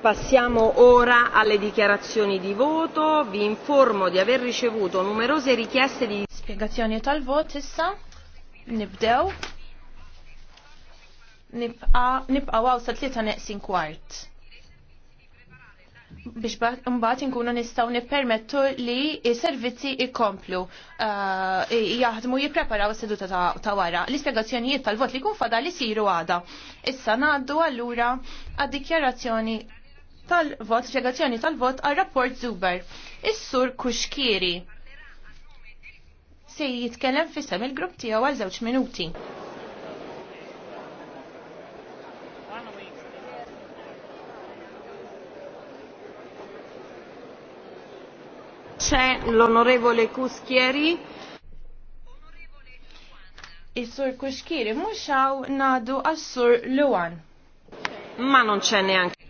Passiamo ora alle dichiarazioni di voto. Vi informo di aver ricevuto numerose richieste di spiegazioni tal-vot issa. Nibdew. Nibqa' waw sa tlieta neqsin kwart biex mbagħad inkunu nistgħu nippermettu li s-servizzi ikomplu eh, jaħdmu jippreparaw is-seduta ta' wara. L-ispjegazzjonijiet tal-vot li kun fadal isiru għada. Issa ngħaddu allura għad-dikjarazzjoni tal-vot, spiegazzjoni tal-vot għal rapport Zuber. Is-sur Kuxkiri se jitkellem fissem il-grupp tiegħu għal żewġ minuti. C'è l'onorevole Kuskieri. Is-sur Kuskieri mhux hawn ngħadu għas-sur Luan. Ma non c'è neanche